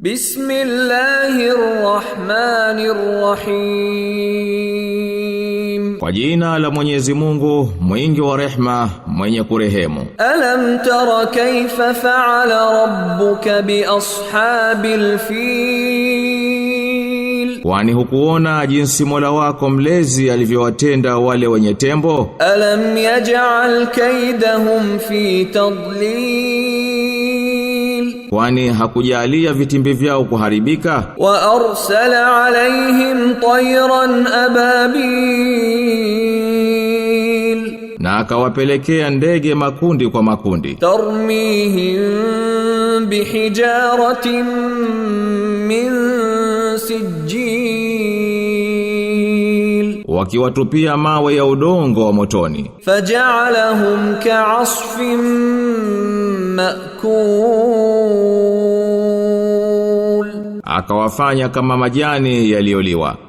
Bismillahir Rahmanir Rahim, kwa jina la Mwenyezi Mungu mwingi wa rehma mwenye kurehemu. Alam tara kaifa faala rabbuka bi ashabil fil, kwani hukuona jinsi Mola wako mlezi alivyowatenda wale wenye tembo? Alam yaj'al kaydahum fi tadlil kwani hakujalia vitimbi vyao kuharibika. Wa arsala alaihim tayran ababil, na akawapelekea ndege makundi kwa makundi. Tarmihim bihijaratin min sijjil, wakiwatupia mawe ya udongo wa motoni. Fajalahum ka'asfin makul akawafanya kama majani yaliyoliwa.